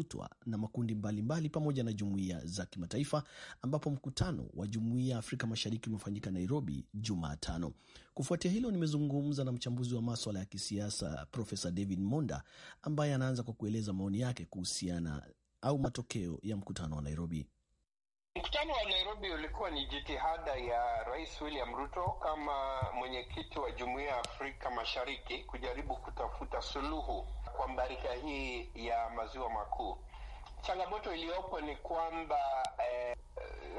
kutwa na makundi mbalimbali mbali pamoja na jumuiya za kimataifa ambapo mkutano wa Jumuiya ya Afrika Mashariki umefanyika Nairobi Jumatano. Kufuatia hilo, nimezungumza na mchambuzi wa maswala ya kisiasa Profesa David Monda ambaye anaanza kwa kueleza maoni yake kuhusiana au matokeo ya mkutano wa Nairobi. Mkutano wa Nairobi ulikuwa ni jitihada ya Rais William Ruto kama mwenyekiti wa Jumuiya ya Afrika Mashariki kujaribu kutafuta suluhu kwa mbarika hii ya maziwa makuu. Changamoto iliyopo ni kwamba eh,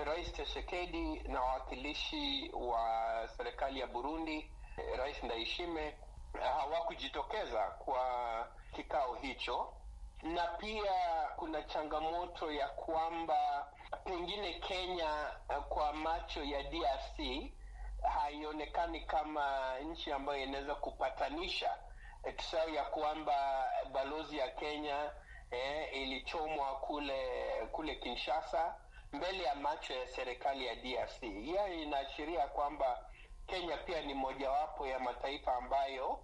Rais Tshisekedi na wawakilishi wa serikali ya Burundi, eh, Rais Ndayishimiye eh, hawakujitokeza kwa kikao hicho, na pia kuna changamoto ya kwamba pengine Kenya eh, kwa macho ya DRC haionekani kama nchi ambayo inaweza kupatanisha tusao ya kwamba balozi ya Kenya eh, ilichomwa kule kule Kinshasa mbele ya macho ya serikali ya DRC. Hiyo inaashiria kwamba Kenya pia ni mojawapo ya mataifa ambayo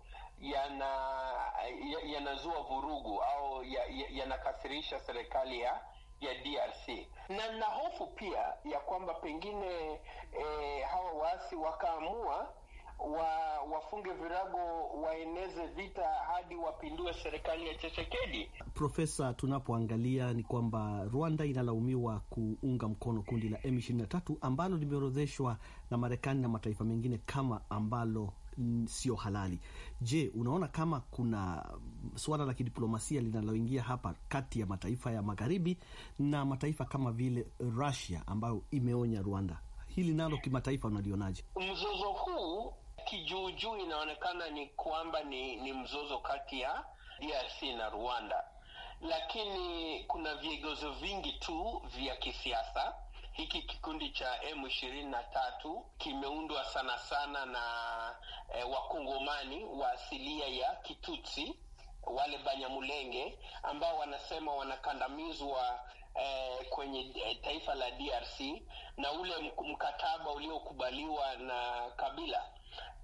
yanazua ya, ya vurugu au yanakasirisha ya, ya serikali ya ya DRC na na hofu pia ya kwamba pengine eh, hawa waasi wakaamua wa, wafunge virago waeneze vita hadi wapindue serikali ya Chechekedi. Profesa, tunapoangalia ni kwamba Rwanda inalaumiwa kuunga mkono kundi la M23 ambalo limeorodheshwa na Marekani na mataifa mengine kama ambalo sio halali. Je, unaona kama kuna suala la kidiplomasia linaloingia hapa kati ya mataifa ya magharibi na mataifa kama vile Russia ambayo imeonya Rwanda? Hili nalo kimataifa unalionaje? Mzozo huu kijuujuu inaonekana ni kwamba ni, ni mzozo kati ya DRC na Rwanda, lakini kuna vigezo vingi tu vya kisiasa. Hiki kikundi cha M ishirini na tatu kimeundwa sana sana na e, wakongomani wa asilia ya Kitutsi, wale Banyamulenge ambao wanasema wanakandamizwa e, kwenye eh, taifa la DRC na ule mkataba uliokubaliwa na Kabila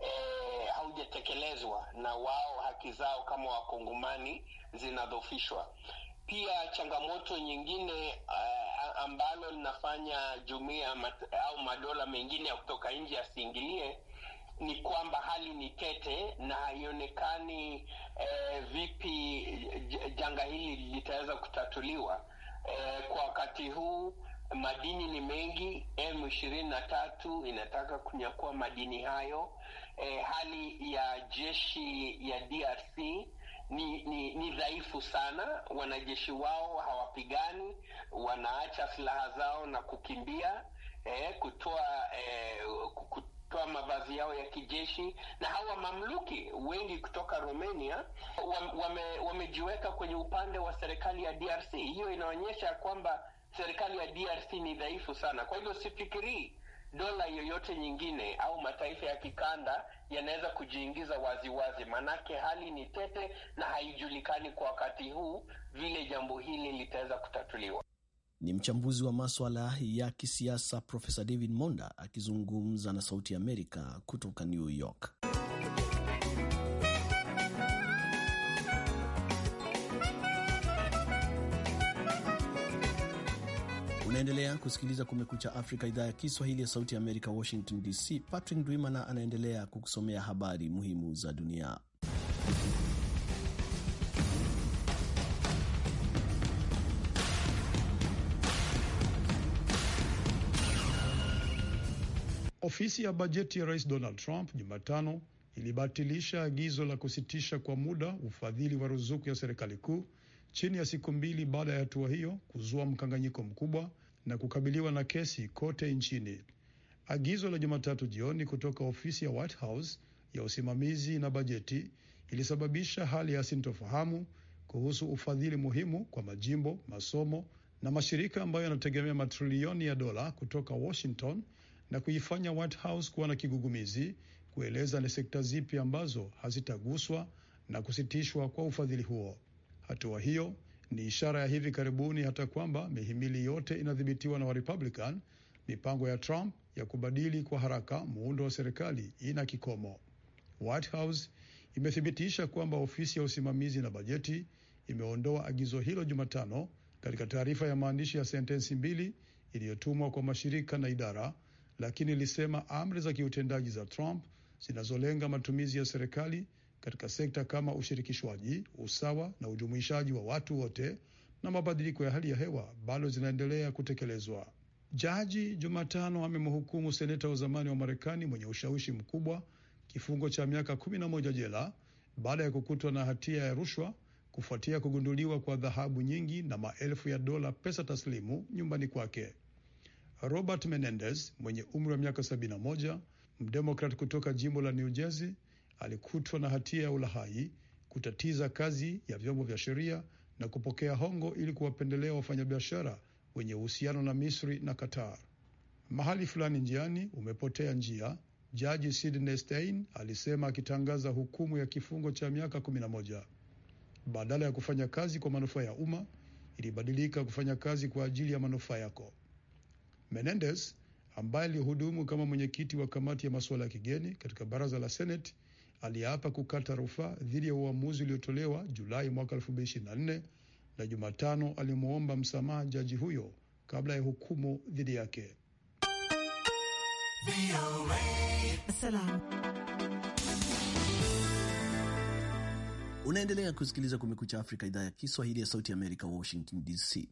eh, haujatekelezwa na wao haki zao kama wakongomani zinadhofishwa. Pia changamoto nyingine uh, ambalo linafanya jumuiya au madola mengine ya kutoka nje yasiingilie ni kwamba hali ni tete na haionekani eh, vipi janga hili litaweza kutatuliwa. Eh, kwa wakati huu madini ni mengi. M ishirini na tatu inataka kunyakua madini hayo eh, hali ya jeshi ya DRC ni, ni, ni dhaifu sana. Wanajeshi wao hawapigani, wanaacha silaha zao na kukimbia eh, kutoa eh, kutoa mavazi yao ya kijeshi na hawa mamluki wengi kutoka Romania wame, wamejiweka kwenye upande wa serikali ya DRC. Hiyo inaonyesha kwamba serikali ya DRC ni dhaifu sana. Kwa hivyo sifikirii dola yoyote nyingine au mataifa ya kikanda yanaweza kujiingiza waziwazi, maanake hali ni tete na haijulikani kwa wakati huu vile jambo hili litaweza kutatuliwa. Ni mchambuzi wa maswala ya kisiasa Profesa David Monda akizungumza na Sauti ya Amerika kutoka New York. Unaendelea kusikiliza Kumekucha Afrika, idhaa ya Kiswahili ya Sauti ya Amerika, Washington DC. Patrick Ndwimana anaendelea kukusomea habari muhimu za dunia. Ofisi ya bajeti ya rais Donald Trump Jumatano ilibatilisha agizo la kusitisha kwa muda ufadhili wa ruzuku ya serikali kuu chini ya siku mbili baada ya hatua hiyo kuzua mkanganyiko mkubwa na kukabiliwa na kesi kote nchini. Agizo la Jumatatu jioni kutoka ofisi ya White House ya usimamizi na bajeti ilisababisha hali ya sintofahamu kuhusu ufadhili muhimu kwa majimbo, masomo na mashirika ambayo yanategemea matrilioni ya dola kutoka Washington na kuifanya White House kuwa na kigugumizi kueleza ni sekta zipi ambazo hazitaguswa na kusitishwa kwa ufadhili huo. Hatua hiyo ni ishara ya hivi karibuni hata kwamba mihimili yote inadhibitiwa na Warepublican. Mipango ya Trump ya kubadili kwa haraka muundo wa serikali ina kikomo. White House imethibitisha kwamba ofisi ya usimamizi na bajeti imeondoa agizo hilo Jumatano katika taarifa ya maandishi ya sentensi mbili iliyotumwa kwa mashirika na idara, lakini ilisema amri za kiutendaji za Trump zinazolenga matumizi ya serikali katika sekta kama ushirikishwaji, usawa na ujumuishaji wa watu wote na mabadiliko ya hali ya hewa bado zinaendelea kutekelezwa. Jaji Jumatano amemhukumu seneta wa zamani wa Marekani mwenye ushawishi mkubwa kifungo cha miaka kumi na moja jela baada ya kukutwa na hatia ya rushwa kufuatia kugunduliwa kwa dhahabu nyingi na maelfu ya dola pesa taslimu nyumbani kwake. Robert Menendez mwenye umri wa miaka 71 mdemokrat kutoka jimbo la New Jersey alikutwa na hatia ya ulahai kutatiza kazi ya vyombo vya sheria na kupokea hongo ili kuwapendelea wafanyabiashara wenye uhusiano na Misri na Qatar. Mahali fulani njiani umepotea njia, Jaji Sidney Stein alisema akitangaza hukumu ya kifungo cha miaka 11. Badala ya kufanya kazi kwa manufaa ya umma, ilibadilika kufanya kazi kwa ajili ya manufaa yako. Menendez ambaye alihudumu kama mwenyekiti wa kamati ya masuala ya kigeni katika baraza la Seneti aliyeapa kukata rufaa dhidi ya uamuzi uliotolewa Julai mwaka 2024 na Jumatano alimwomba msamaha jaji huyo kabla ya hukumu dhidi yake. Unaendelea kusikiliza Kumekucha Afrika, idhaa ya Kiswahili ya Sauti Amerika, Washington DC.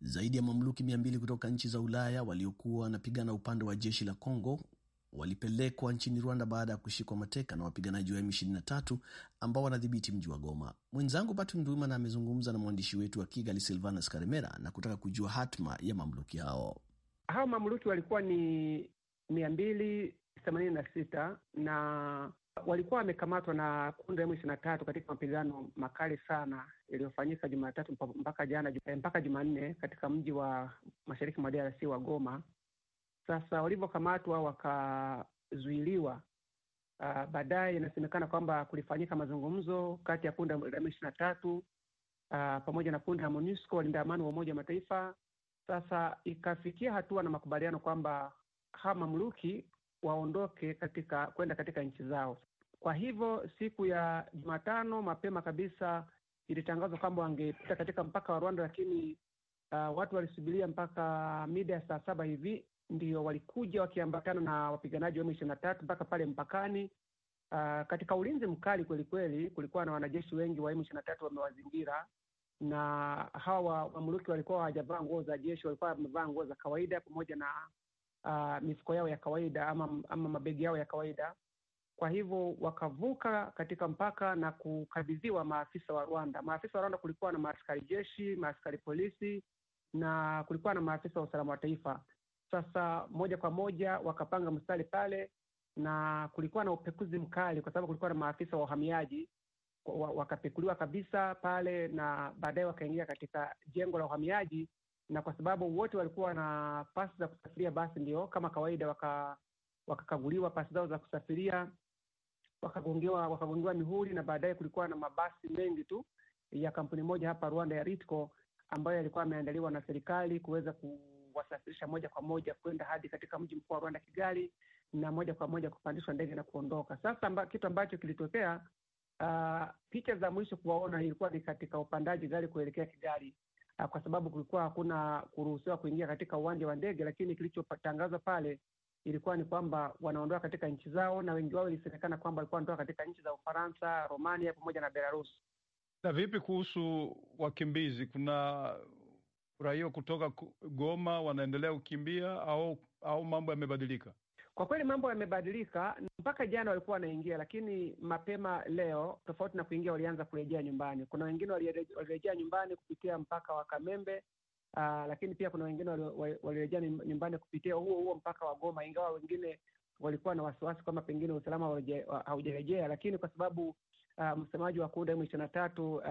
Zaidi ya mamluki 200 kutoka nchi za Ulaya waliokuwa wanapigana upande wa jeshi la Congo walipelekwa nchini Rwanda baada ya kushikwa mateka na wapiganaji wa M23 ambao wanadhibiti mji wa Goma. Mwenzangu Batu Ndwimana amezungumza na mwandishi wetu wa Kigali, Silvanus Karemera, na kutaka kujua hatma ya mamluki hao. Hao mamluki walikuwa ni mia mbili themanini na sita na walikuwa wamekamatwa na kundi la M23 katika mapigano makali sana yaliyofanyika Jumatatu mpaka jana eh, mpaka Jumanne katika mji wa mashariki mwa DRC wa Goma sasa walivyokamatwa wakazuiliwa, uh, baadaye inasemekana kwamba kulifanyika mazungumzo kati ya kundi la m tatu uh, pamoja na kundi la MONUSCO walinda amani wa Umoja wa Mataifa. Sasa ikafikia hatua na makubaliano kwamba hawa mamluki waondoke katika kwenda katika nchi zao. Kwa hivyo siku ya Jumatano mapema kabisa ilitangazwa kwamba wangepita katika mpaka wa Rwanda, lakini uh, watu walisubiria mpaka mida ya saa saba hivi ndio walikuja wakiambatana na wapiganaji wa m tatu mpaka pale mpakani. Uh, katika ulinzi mkali kweli kweli, kulikuwa na wanajeshi wengi wa m tatu wamewazingira, na hawa mamluki walikuwa hawajavaa nguo za jeshi, walikuwa wamevaa nguo za kawaida pamoja na uh, mifuko yao ya kawaida ama, ama mabegi yao ya kawaida. Kwa hivyo wakavuka katika mpaka na kukabidhiwa maafisa wa Rwanda. Maafisa wa Rwanda, kulikuwa na maaskari jeshi, maaskari polisi na kulikuwa na maafisa wa usalama wa taifa. Sasa moja kwa moja wakapanga mstari pale, na kulikuwa na upekuzi mkali, kwa sababu kulikuwa na maafisa wa uhamiaji wakapekuliwa kabisa pale, na baadaye wakaingia katika jengo la uhamiaji, na kwa sababu wote walikuwa na pasi za kusafiria, basi ndio kama kawaida waka wakakaguliwa pasi zao za kusafiria, wakagongewa wakagongewa mihuri, na baadaye kulikuwa na mabasi mengi tu ya kampuni moja hapa Rwanda ya Ritco ambayo yalikuwa yameandaliwa na serikali kuweza ku wasafirisha moja kwa moja kwenda hadi katika mji mkuu wa Rwanda, Kigali, na moja kwa moja kupandishwa ndege na kuondoka. Sasa mba, kitu ambacho kilitokea uh, picha za mwisho kuwaona ilikuwa ni katika upandaji gari kuelekea Kigali uh, kwa sababu kulikuwa hakuna kuruhusiwa kuingia katika uwanja wa ndege, lakini kilichotangazwa pale ilikuwa ni kwamba wanaondoka katika nchi zao, na wengi wao ilisemekana kwamba walikuwa wanatoka katika nchi za Ufaransa, Romania pamoja na Belarus. Na vipi kuhusu wakimbizi? Kuna raia kutoka Goma wanaendelea kukimbia au au mambo yamebadilika? Kwa kweli mambo yamebadilika. Mpaka jana walikuwa wanaingia, lakini mapema leo, tofauti na kuingia, walianza kurejea nyumbani. Kuna wengine walirejea nyumbani kupitia mpaka wa Kamembe. Aa, ah, lakini pia kuna wengine walirejea nyumbani kupitia huo huo mpaka wa Goma, ingawa wengine walikuwa na wasiwasi kwamba pengine usalama haujarejea, lakini kwa sababu uh, msemaji wa kunda M ishirini na tatu uh,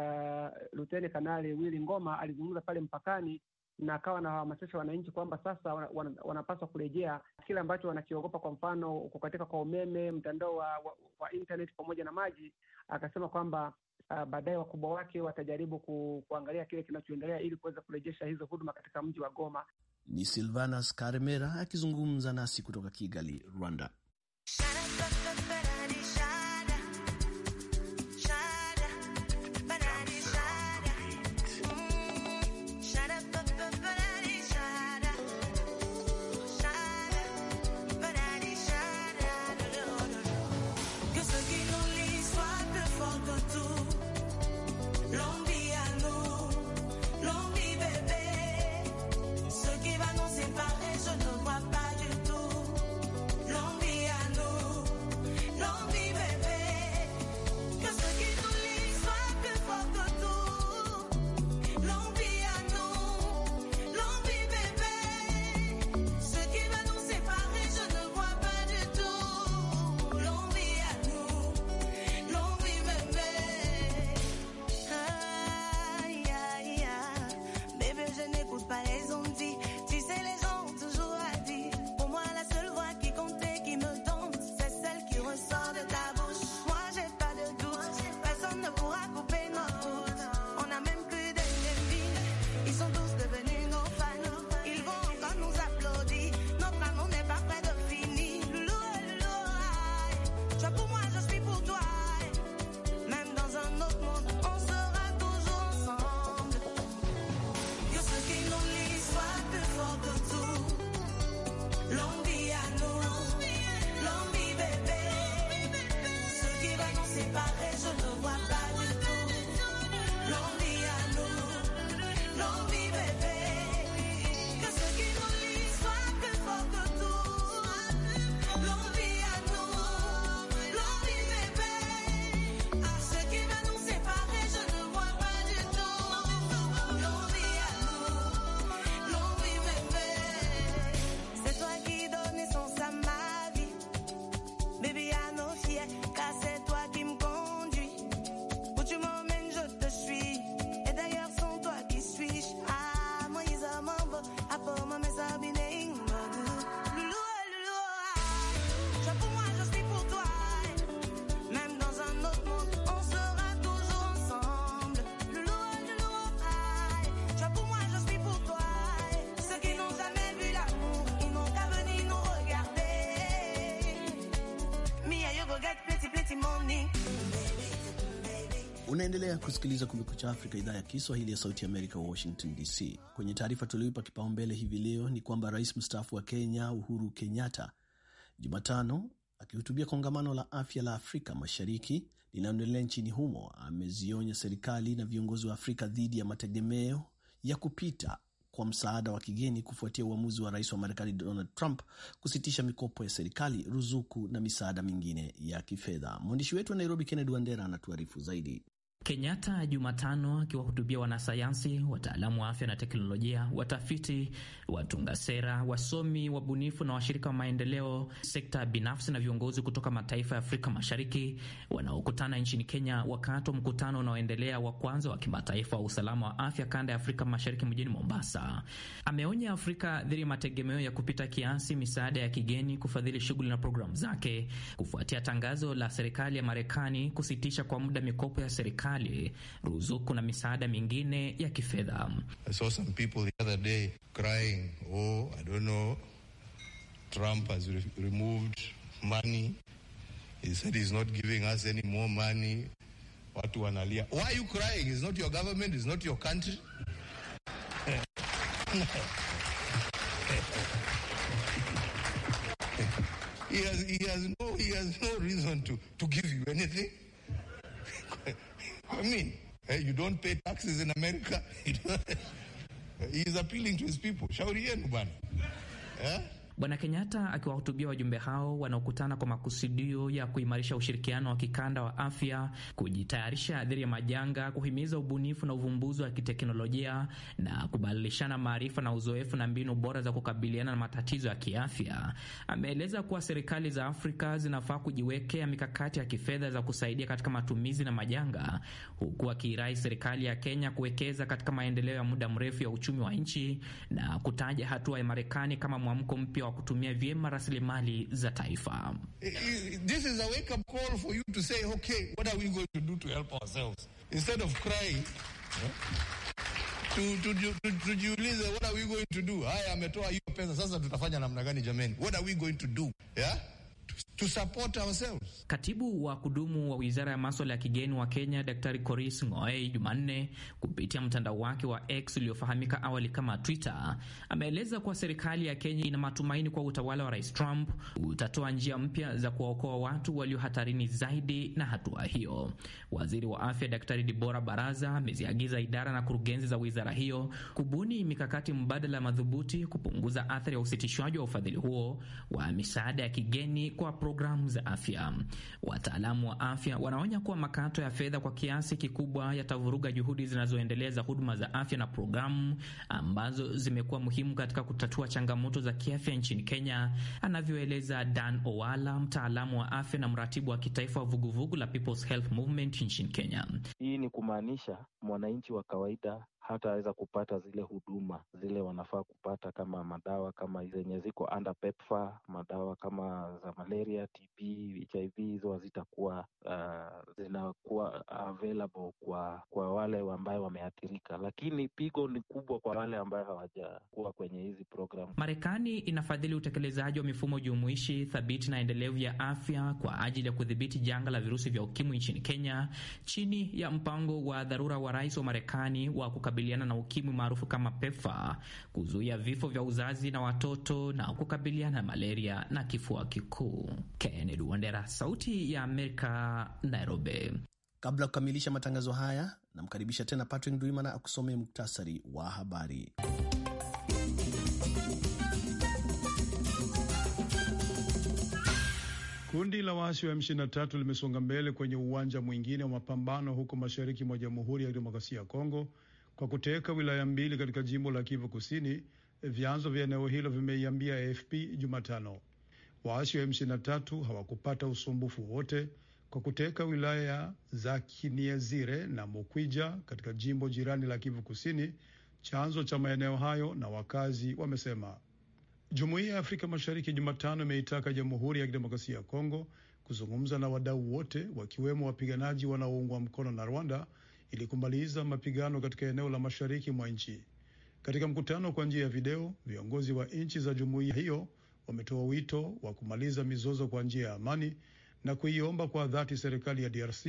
luteni kanali Willy Ngoma alizungumza pale mpakani na akawa anawahamasisha wananchi kwamba sasa wan, wanapaswa kurejea kile ambacho wanakiogopa, kwa mfano kukatika kwa umeme, mtandao wa, wa, wa internet pamoja na maji. Akasema kwamba uh, baadaye wakubwa wake watajaribu ku, kuangalia kile kinachoendelea ili kuweza kurejesha hizo huduma katika mji wa Goma. Ni Silvanas Karemera akizungumza nasi kutoka Kigali, Rwanda. Unaendelea kusikiliza Kumekucha Afrika, idhaa ya Kiswahili ya Sauti Amerika, Washington DC. Kwenye taarifa tulioipa kipaumbele hivi leo ni kwamba rais mstaafu wa Kenya Uhuru Kenyatta Jumatano akihutubia kongamano la afya la Afrika Mashariki linaloendelea nchini humo amezionya serikali na viongozi wa Afrika dhidi ya mategemeo ya kupita kwa msaada wa kigeni kufuatia uamuzi wa rais wa Marekani Donald Trump kusitisha mikopo ya serikali, ruzuku na misaada mingine ya kifedha. Mwandishi wetu wa Nairobi Kennedy Wandera anatuarifu zaidi. Kenyatta Jumatano akiwahutubia wanasayansi, wataalamu wa afya na teknolojia, watafiti, watunga sera, wasomi, wabunifu na washirika wa maendeleo, sekta binafsi na viongozi kutoka mataifa ya Afrika Mashariki wanaokutana nchini Kenya wakati wa mkutano unaoendelea wa kwanza wa kimataifa wa usalama wa afya kanda ya Afrika Mashariki mjini Mombasa. Ameonya Afrika dhidi ya mategemeo ya kupita kiasi misaada ya kigeni kufadhili shughuli na programu zake kufuatia tangazo la serikali ya Marekani kusitisha kwa muda mikopo ya serikali serikali, ruzuku na misaada mingine ya kifedha. Oh, Watu wanalia, why are you crying? It's not your government, it's not your country. He has, he has no, he has no reason to, to give you anything. I mean, hey, you don't pay taxes in America. He's appealing to his people. Bwana Kenyatta akiwahutubia wajumbe hao wanaokutana kwa makusudio ya kuimarisha ushirikiano wa kikanda wa afya, kujitayarisha dhidi ya majanga, kuhimiza ubunifu na uvumbuzi wa kiteknolojia na kubadilishana maarifa na uzoefu na mbinu bora za kukabiliana na matatizo ya kiafya, ameeleza kuwa serikali za Afrika zinafaa kujiwekea mikakati ya kifedha za kusaidia katika matumizi na majanga, huku akiirai serikali ya Kenya kuwekeza katika maendeleo ya muda mrefu ya uchumi wa nchi na kutaja hatua ya Marekani kama mwamko mpya wa kutumia vyema rasilimali za taifa. This is a wake up call for you to say, okay, what are we going to do to help ourselves? Instead of crying, tujiulize what are we going to do? Haya, ametoa hiyo pesa, sasa tutafanya namna gani jameni? What are we going to do? Yeah? to support ourselves. Katibu wa kudumu wa wizara ya maswala ya kigeni wa Kenya Daktari Koris Ngoei Jumanne kupitia mtandao wake wa X uliofahamika awali kama Twitter ameeleza kuwa serikali ya Kenya ina matumaini kwa utawala wa Rais Trump utatoa njia mpya za kuwaokoa watu walio hatarini zaidi na hatua hiyo. Waziri wa afya Daktari Dibora Baraza ameziagiza idara na kurugenzi za wizara hiyo kubuni mikakati mbadala madhubuti kupunguza athari ya usitishwaji wa ufadhili huo wa misaada ya kigeni kwa programu za afya. Wataalamu wa afya wanaonya kuwa makato ya fedha kwa kiasi kikubwa yatavuruga juhudi zinazoendelea za huduma za afya na programu ambazo zimekuwa muhimu katika kutatua changamoto za kiafya nchini Kenya, anavyoeleza Dan Owala, mtaalamu wa afya na mratibu wa kitaifa wa vuguvugu la People's Health Movement nchini Kenya. Hii ni kumaanisha mwananchi wa kawaida hataweza kupata zile huduma zile wanafaa kupata kama madawa kama zenye ziko under pepfa madawa kama za malaria, TB, HIV, hizo hazitakuwa uh, zina kuwa available kwa kwa wale ambayo wameathirika, lakini pigo ni kubwa kwa wale ambayo hawajakuwa kwenye hizi programu. Marekani inafadhili utekelezaji wa mifumo jumuishi thabiti na endelevu ya afya kwa ajili ya kudhibiti janga la virusi vya ukimwi nchini Kenya chini ya mpango wa dharura wa rais wa Marekani wa kukabiliana na ukimwi maarufu kama PEPFAR, kuzuia vifo vya uzazi na watoto na kukabiliana na malaria na kifua kikuu. Kennedy Wandera, Sauti ya Amerika, Nairobi. Kabla ya kukamilisha matangazo haya, namkaribisha tena Patrick Ndwimana akusomee muktasari wa habari. Kundi la waasi wa M23 limesonga mbele kwenye uwanja mwingine wa mapambano huko mashariki mwa Jamhuri ya Kidemokrasia ya Kongo kwa kuteka wilaya mbili katika jimbo la Kivu Kusini. Vyanzo vya eneo hilo vimeiambia AFP Jumatano waasi wa M23 hawakupata usumbufu wote kwa kuteka wilaya za Kiniezire na Mukwija katika jimbo jirani la Kivu Kusini, chanzo cha maeneo hayo na wakazi wamesema. Jumuiya ya Afrika Mashariki Jumatano imeitaka Jamhuri ya Kidemokrasia ya Kongo kuzungumza na wadau wote wakiwemo wapiganaji wanaoungwa mkono na Rwanda ili kumaliza mapigano katika eneo la mashariki mwa nchi. Katika mkutano kwa njia ya video, viongozi wa nchi za jumuiya hiyo wametoa wito wa kumaliza mizozo kwa njia ya amani na kuiomba kwa dhati serikali ya DRC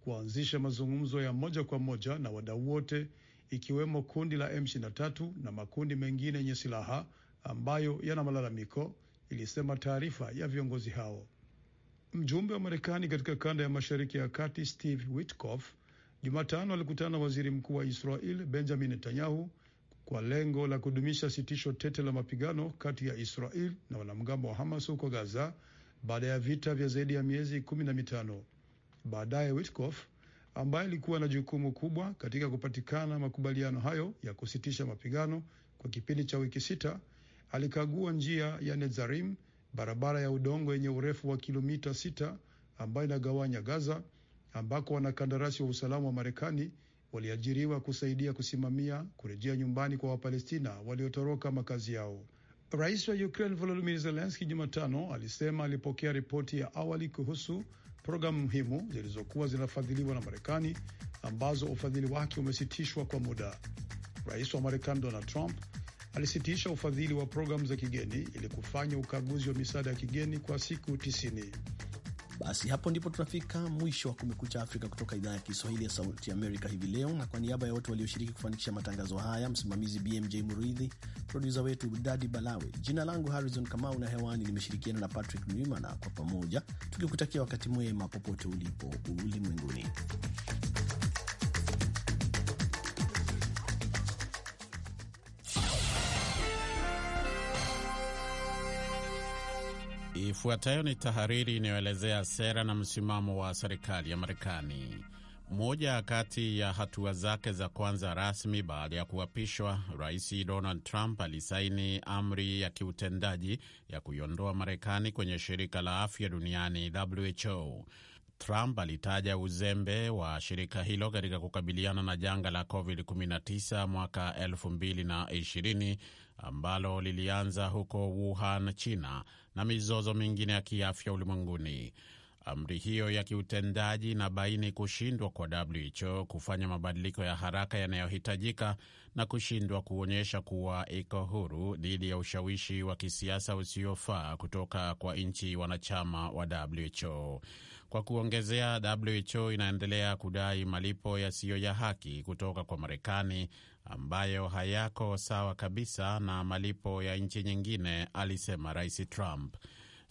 kuanzisha mazungumzo ya moja kwa moja na wadau wote ikiwemo kundi la M23 na makundi mengine yenye silaha ambayo yana malalamiko, ilisema taarifa ya viongozi hao. Mjumbe wa Marekani katika kanda ya Mashariki ya Kati Steve Witkoff Jumatano alikutana na waziri mkuu wa Israel Benjamin Netanyahu kwa lengo la kudumisha sitisho tete la mapigano kati ya Israel na wanamgambo wa Hamas huko Gaza baada ya vita vya zaidi ya miezi kumi na mitano. Baadaye Witkoff ambaye alikuwa na jukumu kubwa katika kupatikana makubaliano hayo ya kusitisha mapigano kwa kipindi cha wiki sita, alikagua njia ya Netzarim, barabara ya udongo yenye urefu wa kilomita sita ambayo inagawanya Gaza, ambako wanakandarasi wa usalama wa Marekani waliajiriwa kusaidia kusimamia kurejea nyumbani kwa Wapalestina waliotoroka makazi yao. Rais wa Ukraine Volodymyr Zelenski Jumatano alisema alipokea ripoti ya awali kuhusu programu muhimu zilizokuwa zinafadhiliwa na Marekani ambazo ufadhili wake umesitishwa kwa muda. Rais wa Marekani Donald Trump alisitisha ufadhili wa programu za kigeni ili kufanya ukaguzi wa misaada ya kigeni kwa siku tisini. Basi hapo ndipo tunafika mwisho wa Kumekucha Afrika kutoka idhaa ya Kiswahili ya Sauti Amerika hivi leo, na kwa niaba ya wote walioshiriki kufanikisha matangazo haya, msimamizi BMJ Muridhi, produsa wetu Dadi Balawe, jina langu Harrison Kamau na hewani nimeshirikiana na Patrick Nwimana, kwa pamoja tukikutakia wakati mwema popote ulipo ulimwenguni. Ifuatayo ni tahariri inayoelezea sera na msimamo wa serikali ya Marekani. Moja kati ya hatua zake za kwanza rasmi baada ya kuapishwa, Rais Donald Trump alisaini amri ya kiutendaji ya kuiondoa Marekani kwenye shirika la afya duniani WHO. Trump alitaja uzembe wa shirika hilo katika kukabiliana na janga la COVID-19 mwaka 2020 ambalo lilianza huko Wuhan, China na mizozo mingine ya kiafya ulimwenguni. Amri hiyo ya kiutendaji inabaini kushindwa kwa WHO kufanya mabadiliko ya haraka yanayohitajika na kushindwa kuonyesha kuwa iko huru dhidi ya ushawishi wa kisiasa usiofaa kutoka kwa nchi wanachama wa WHO. Kwa kuongezea, WHO inaendelea kudai malipo yasiyo ya haki kutoka kwa Marekani ambayo hayako sawa kabisa na malipo ya nchi nyingine, alisema Rais Trump.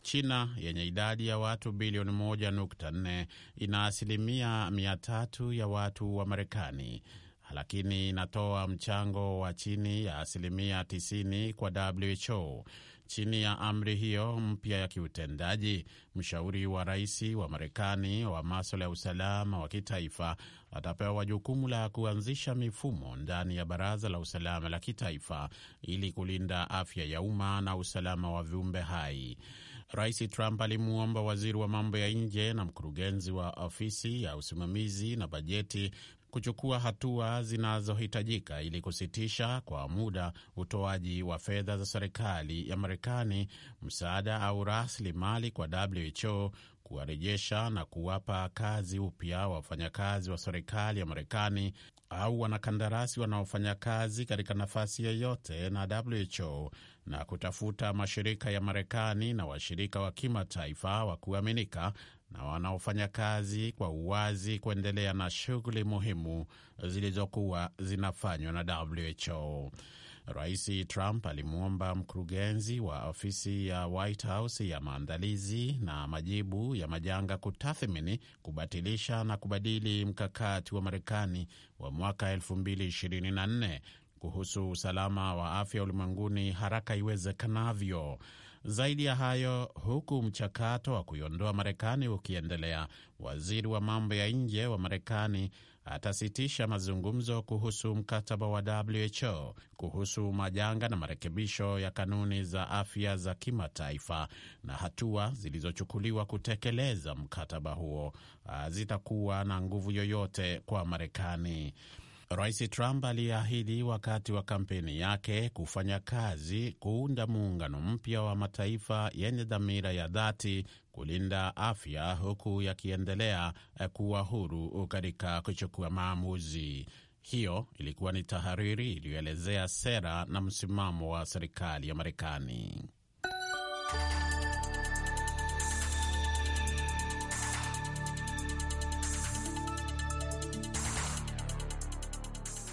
China yenye idadi ya watu bilioni 1.4 ina asilimia 300 ya watu wa Marekani, lakini inatoa mchango wa chini ya asilimia 90 kwa WHO Chini ya amri hiyo mpya ya kiutendaji, mshauri wa rais wa Marekani wa maswala ya usalama wa kitaifa atapewa jukumu la kuanzisha mifumo ndani ya Baraza la Usalama la Kitaifa ili kulinda afya ya umma na usalama wa viumbe hai. Rais Trump alimwomba waziri wa mambo ya nje na mkurugenzi wa ofisi ya usimamizi na bajeti kuchukua hatua zinazohitajika ili kusitisha kwa muda utoaji wa fedha za serikali ya Marekani, msaada au rasilimali kwa WHO, kuwarejesha na kuwapa kazi upya wafanyakazi wa serikali ya Marekani au wanakandarasi wanaofanya kazi katika nafasi yoyote na WHO na kutafuta mashirika ya Marekani na washirika wa kimataifa wa kuaminika na wanaofanya kazi kwa uwazi kuendelea na shughuli muhimu zilizokuwa zinafanywa na WHO. Rais Trump alimwomba mkurugenzi wa ofisi ya White House ya maandalizi na majibu ya majanga kutathmini, kubatilisha na kubadili mkakati wa Marekani wa mwaka 2024 kuhusu usalama wa afya ulimwenguni haraka iwezekanavyo. Zaidi ya hayo, huku mchakato wa kuiondoa Marekani ukiendelea, waziri wa mambo ya nje wa Marekani atasitisha mazungumzo kuhusu mkataba wa WHO kuhusu majanga na marekebisho ya kanuni za afya za kimataifa, na hatua zilizochukuliwa kutekeleza mkataba huo zitakuwa na nguvu yoyote kwa Marekani. Rais Trump aliyeahidi wakati wa kampeni yake kufanya kazi kuunda muungano mpya wa mataifa yenye dhamira ya dhati kulinda afya huku yakiendelea eh, kuwa huru katika kuchukua maamuzi. Hiyo ilikuwa ni tahariri iliyoelezea sera na msimamo wa serikali ya Marekani.